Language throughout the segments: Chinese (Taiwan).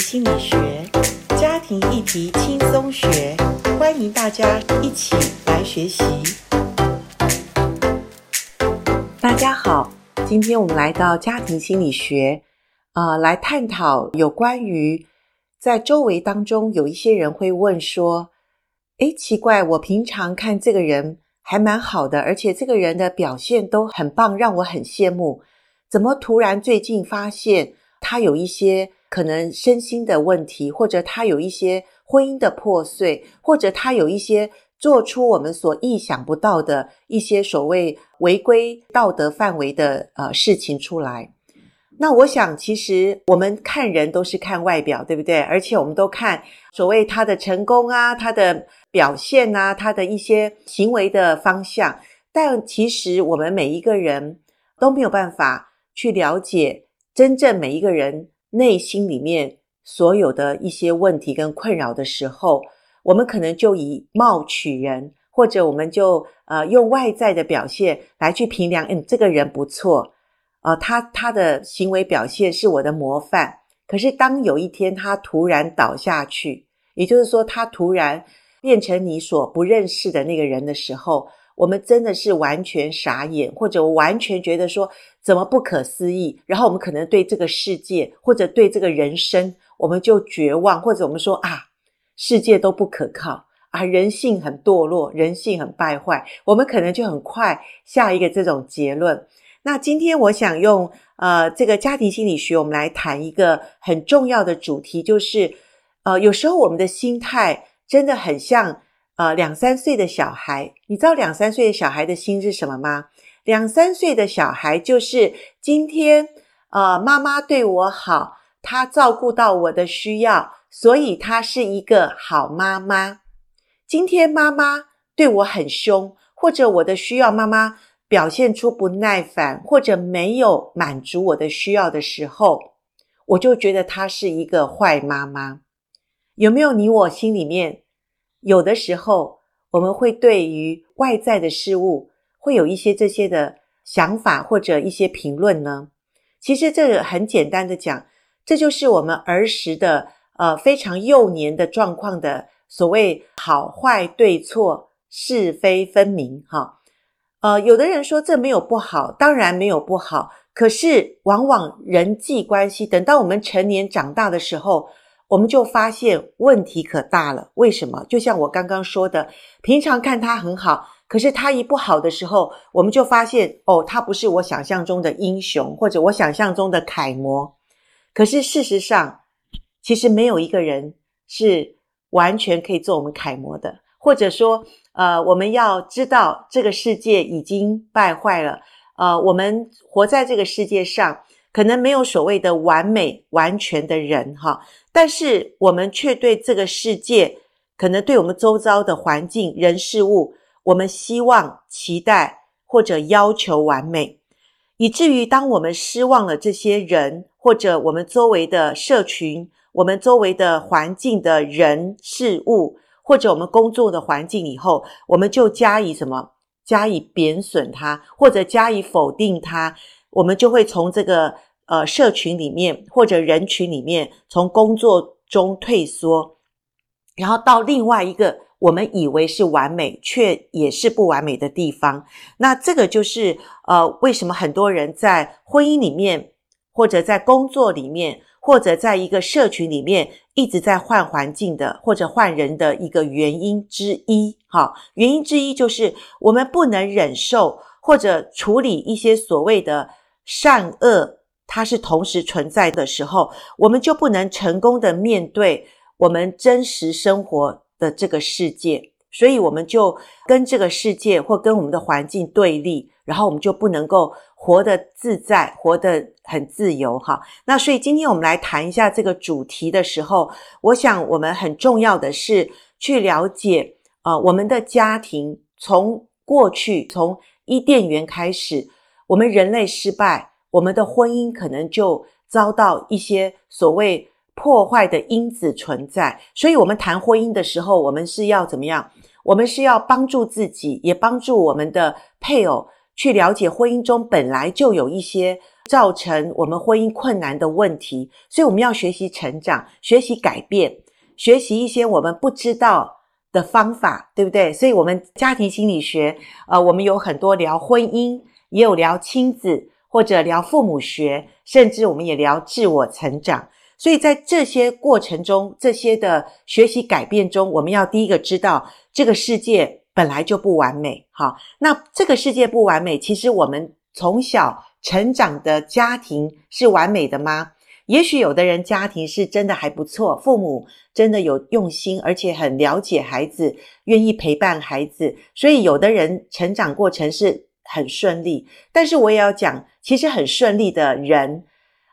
心理學家庭議題輕鬆學，歡迎大家一起來學習。大家好，今天我們來到家庭心理學，啊、呃，來探討有關於在周圍當中有一些人會問說：“哎，奇怪，我平常看這個人還蠻好的，而且這個人的表現都很棒，讓我很羨慕，怎麼突然最近發現他有一些？”可能身心的問題，或者他有一些婚姻的破碎，或者他有一些做出我們所意想不到的一些所謂違規道德範圍的呃事情出來。那我想，其實我們看人都是看外表，對不對？而且我們都看所謂他的成功啊，他的表現啊，他的一些行為的方向。但其實我們每一個人都沒有辦法去了解真正每一個人。內心裡面所有的一些問題跟困擾的時候，我們可能就以貌取人，或者我們就呃用外在的表現來去評量，嗯、哎，這個人不錯，啊、呃，他他的行為表現是我的模範。可是當有一天他突然倒下去，也就是說他突然變成你所不認識的那個人的時候，我們真的是完全傻眼，或者完全覺得說怎麼不可思議？然後我們可能對這個世界，或者對這個人生，我們就絕望，或者我們說啊，世界都不可靠啊，人性很墮落，人性很敗壞，我們可能就很快下一個這種結論。那今天我想用呃這個家庭心理學，我們來談一個很重要的主題，就是呃有時候我們的心態真的很像。呃，兩三歲的小孩，你知道兩三歲的小孩的心是什麼嗎？兩三歲的小孩就是今天，呃，媽媽對我好，她照顧到我的需要，所以她是一個好媽媽。今天媽媽對我很兇，或者我的需要媽媽表現出不耐煩，或者沒有滿足我的需要的時候，我就覺得她是一個壞媽媽。有沒有你我心裡面？有的時候，我們會對於外在的事物，會有一些這些的想法或者一些評論呢。其實這個很簡單的講，這就是我們兒時的呃，非常幼年的狀況的所謂好壞對錯是非分明哈、哦。呃，有的人說這沒有不好，當然沒有不好，可是往往人際關係，等到我們成年長大的時候。我們就發現問題可大了。為什麼？就像我剛剛說的，平常看他很好，可是他一不好的時候，我們就發現哦，他不是我想象中的英雄，或者我想象中的楷模。可是事實上，其實沒有一個人是完全可以做我們楷模的。或者說，呃，我們要知道這個世界已經敗壞了。呃，我們活在這個世界上，可能沒有所謂的完美完全的人哈。但是我們卻對這個世界，可能對我們周遭的環境、人事物，我們希望、期待或者要求完美，以至於當我們失望了這些人，或者我們周圍的社群、我們周圍的環境的人事物，或者我們工作的環境以後，我們就加以什麼？加以貶損它，或者加以否定它，我們就會從這個，呃，社群裡面或者人群裡面，從工作中退縮，然後到另外一個我們以為是完美卻也是不完美的地方。那這個就是呃，為什麼很多人在婚姻裡面，或者在工作裡面，或者在一個社群裡面一直在換環境的或者換人的一個原因之一。哈，原因之一就是我們不能忍受或者處理一些所謂的善惡。它是同時存在的時候，我們就不能成功的面對我們真實生活的這個世界，所以我們就跟這個世界或跟我們的環境對立，然後我們就不能夠活得自在，活得很自由哈。那所以今天我們來談一下這個主題的時候，我想我們很重要的是去了解，呃，我們的家庭從過去，從伊甸園開始，我們人類失敗。我們的婚姻可能就遭到一些所謂破壞的因子存在，所以，我們談婚姻的時候，我們是要怎麼樣？我們是要幫助自己，也幫助我們的配偶去了解婚姻中本來就有一些造成我們婚姻困難的問題。所以，我們要學習成長，學習改變，學習一些我們不知道的方法，對不對？所以，我們家庭心理學，呃，我們有很多聊婚姻，也有聊親子。或者聊父母學，甚至我們也聊自我成長。所以在這些過程中，這些的學習改變中，我們要第一個知道，這個世界本來就不完美。好，那這個世界不完美，其實我們從小成長的家庭是完美的嗎？也許有的人家庭是真的還不錯，父母真的有用心，而且很了解孩子，願意陪伴孩子。所以有的人成長過程是很順利，但是我也要講，其實很順利的人，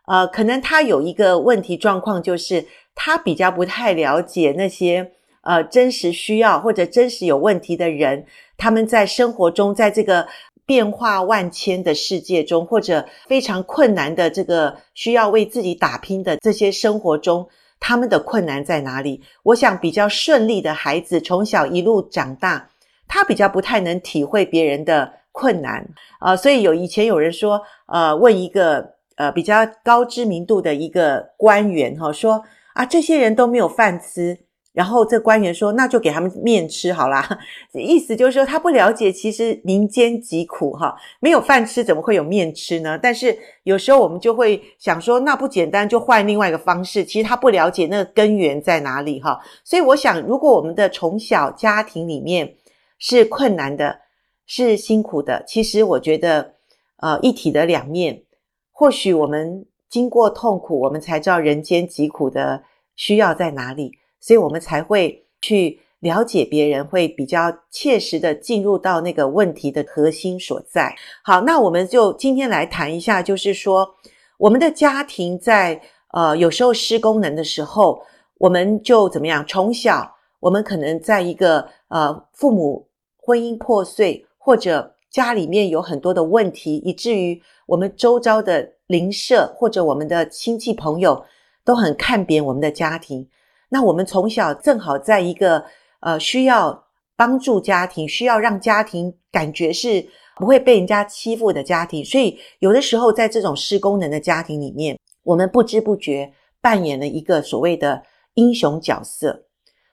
呃，可能他有一個問題狀況，就是他比較不太了解那些呃真實需要或者真實有問題的人，他們在生活中，在這個變化萬千的世界中，或者非常困難的這個需要為自己打拼的這些生活中，他們的困難在哪裡？我想比較順利的孩子從小一路長大，他比較不太能體會別人的。困難啊，呃，所以有以前有人說，呃，問一個呃比較高知名度的一個官員哈，說啊，這些人都沒有飯吃，然後這官員說，那就給他們麵吃好啦。意思就是說他不了解其實民間疾苦哈，沒有飯吃怎麼會有麵吃呢？但是有時候我們就會想說，那不簡單，就換另外一個方式，其實他不了解那個根源在哪裡哈。所以我想，如果我們的從小家庭裡面是困難的。是辛苦的，其實我覺得，呃，一體的兩面，或許我們經過痛苦，我們才知道人間疾苦的需要在哪裡，所以我們才會去了解別人，會比較切實的進入到那個問題的核心所在。好，那我們就今天來談一下，就是說，我們的家庭在呃有時候失功能的時候，我們就怎麼樣？從小我們可能在一個呃父母婚姻破碎。或者家裡面有很多的問題，以至於我們周遭的鄰舍或者我們的親戚朋友都很看扁我們的家庭。那我們從小正好在一個呃需要幫助家庭，需要讓家庭感覺是不會被人家欺負的家庭，所以有的時候在這種失功能的家庭裡面，我們不知不覺扮演了一個所謂的英雄角色，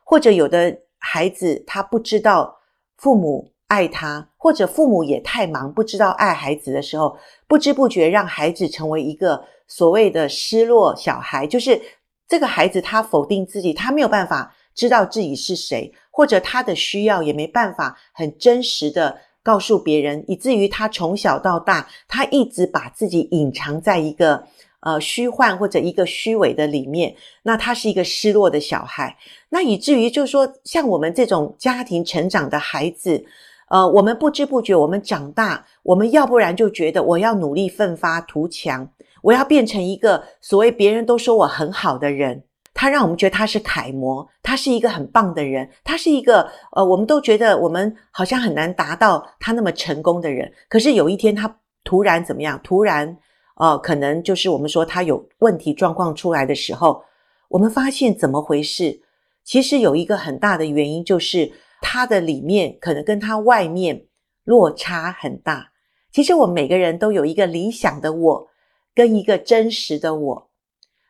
或者有的孩子他不知道父母。愛他，或者父母也太忙，不知道愛孩子的時候，不知不覺讓孩子成為一個所謂的失落小孩。就是這個孩子，他否定自己，他沒有辦法知道自己是誰，或者他的需要也沒辦法很真實的告訴別人，以至於他從小到大，他一直把自己隱藏在一個呃虛幻或者一個虛偽的裡面。那他是一個失落的小孩，那以至於就是說，像我們這種家庭成長的孩子。呃，我們不知不覺，我們長大，我們要不然就覺得我要努力奮發圖強，我要變成一個所謂別人都說我很好的人，他讓我們覺得他是楷模，他是一個很棒的人，他是一個呃，我們都覺得我們好像很難達到他那麼成功的人。可是有一天他突然怎麼樣？突然，呃，可能就是我們說他有問題狀況出來的時候，我們發現怎麼回事？其實有一個很大的原因就是。他的裡面可能跟他外面落差很大。其實我們每個人都有一個理想的我，跟一個真實的我。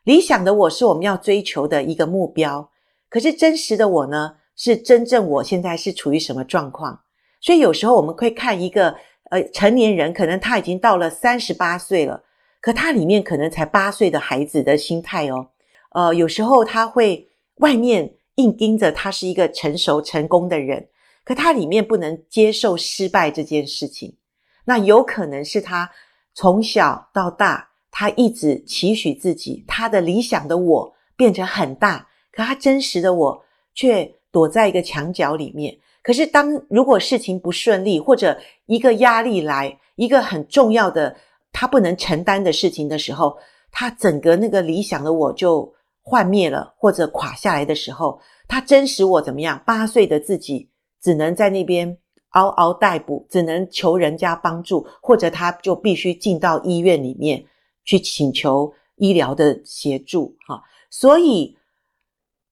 理想的我是我們要追求的一個目標，可是真實的我呢，是真正我現在是處於什麼狀況？所以有時候我們會看一個呃成年人，可能他已經到了三十八歲了，可他裡面可能才八歲的孩子的心態哦。呃，有時候他會外面。硬盯着他是一個成熟成功的人，可他裡面不能接受失敗這件事情。那有可能是他從小到大，他一直期許自己，他的理想的我變成很大，可他真實的我卻躲在一個牆角裡面。可是當如果事情不順利，或者一個壓力來，一個很重要的，他不能承擔的事情的時候，他整個那個理想的我就。幻滅了，或者垮下來的時候，他真實我怎麼樣？八歲的自己只能在那邊嗷嗷待哺，只能求人家幫助，或者他就必須進到醫院裡面去請求醫療的協助哈。所以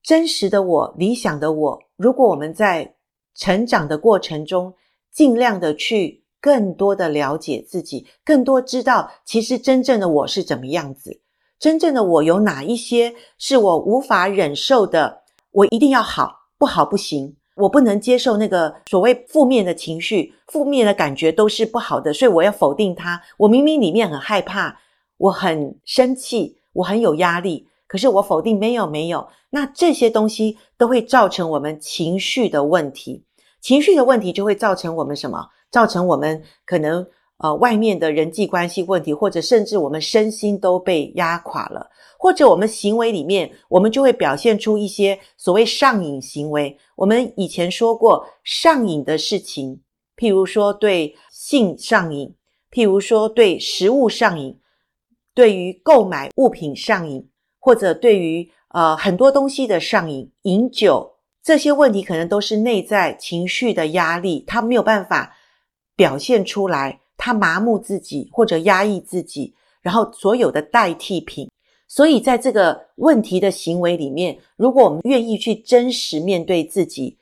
真實的我，理想的我，如果我們在成長的過程中，儘量的去更多的了解自己，更多知道其實真正的我是怎麼樣子。真正的我有哪一些是我無法忍受的？我一定要好，不好不行。我不能接受那個所謂負面的情緒、負面的感覺都是不好的，所以我要否定它。我明明裡面很害怕，我很生氣，我很有壓力，可是我否定，沒有沒有。那這些東西都會造成我們情緒的問題，情緒的問題就會造成我們什麼？造成我們可能。呃，外面的人際關係問題，或者甚至我們身心都被壓垮了，或者我們行為裡面，我們就會表現出一些所謂上癮行為。我們以前說過，上癮的事情，譬如說對性上癮，譬如說對食物上癮，對於購買物品上癮，或者對於呃很多東西的上癮，飲酒這些問題，可能都是內在情緒的壓力，它沒有辦法表現出來。他麻木自己或者壓抑自己，然後所有的代替品。所以，在這個問題的行為裡面，如果我們願意去真實面對自己，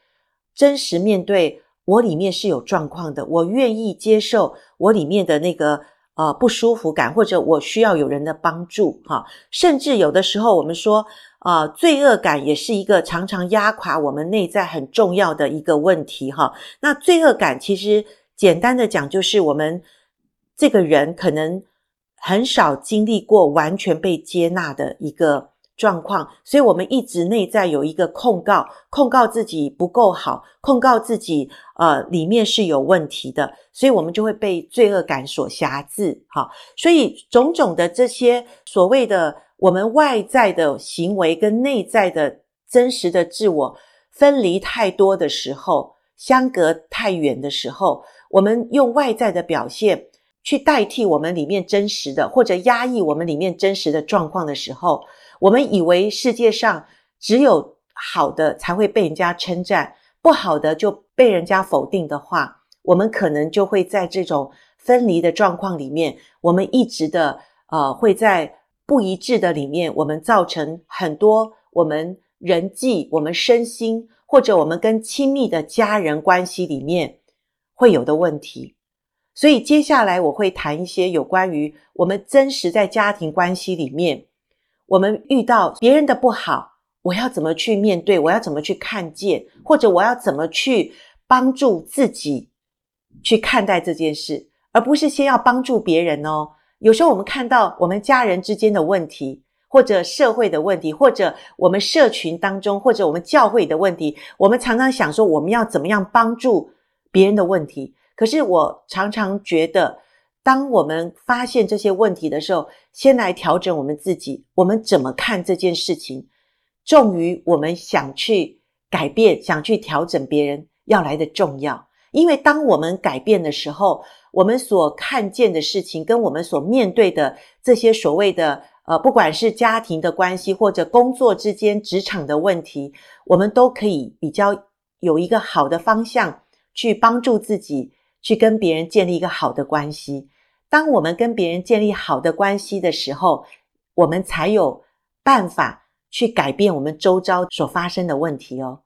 真實面對我裡面是有狀況的，我願意接受我裡面的那個呃不舒服感，或者我需要有人的幫助哈。甚至有的時候，我們說啊，罪惡感也是一個常常壓垮我們內在很重要的一個問題哈。那罪惡感其實。簡單的講，就是我們這個人可能很少經歷過完全被接納的一個狀況，所以，我們一直內在有一個控告，控告自己不夠好，控告自己呃裡面是有問題的，所以，我們就會被罪惡感所轄制。好，所以種種的這些所謂的我們外在的行為跟內在的真實的自我分離太多的時候，相隔太遠的時候。我們用外在的表現去代替我們裡面真實的，或者壓抑我們裡面真實的狀況的時候，我們以為世界上只有好的才會被人家稱讚，不好的就被人家否定的話，我們可能就會在這種分離的狀況裡面，我們一直的，呃，會在不一致的裡面，我們造成很多我們人際、我們身心或者我們跟親密的家人關係裡面會有的問題，所以接下來我會談一些有關於我們真實在家庭關係裡面，我們遇到別人的不好，我要怎麼去面對？我要怎麼去看見？或者我要怎麼去幫助自己去看待這件事，而不是先要幫助別人哦。有時候我們看到我們家人之間的問題，或者社會的問題，或者我們社群當中，或者我們教會的問題，我們常常想說我們要怎麼樣幫助？別人的問題，可是我常常覺得，當我們發現這些問題的時候，先來調整我們自己，我們怎麼看這件事情，重於我們想去改變、想去調整別人要來得重要。因為當我們改變的時候，我們所看見的事情，跟我們所面對的這些所謂的呃，不管是家庭的關係，或者工作之間、職場的問題，我們都可以比較有一個好的方向。去幫助自己，去跟別人建立一個好的關係。當我們跟別人建立好的關係的時候，我們才有辦法去改變我們周遭所發生的問題哦。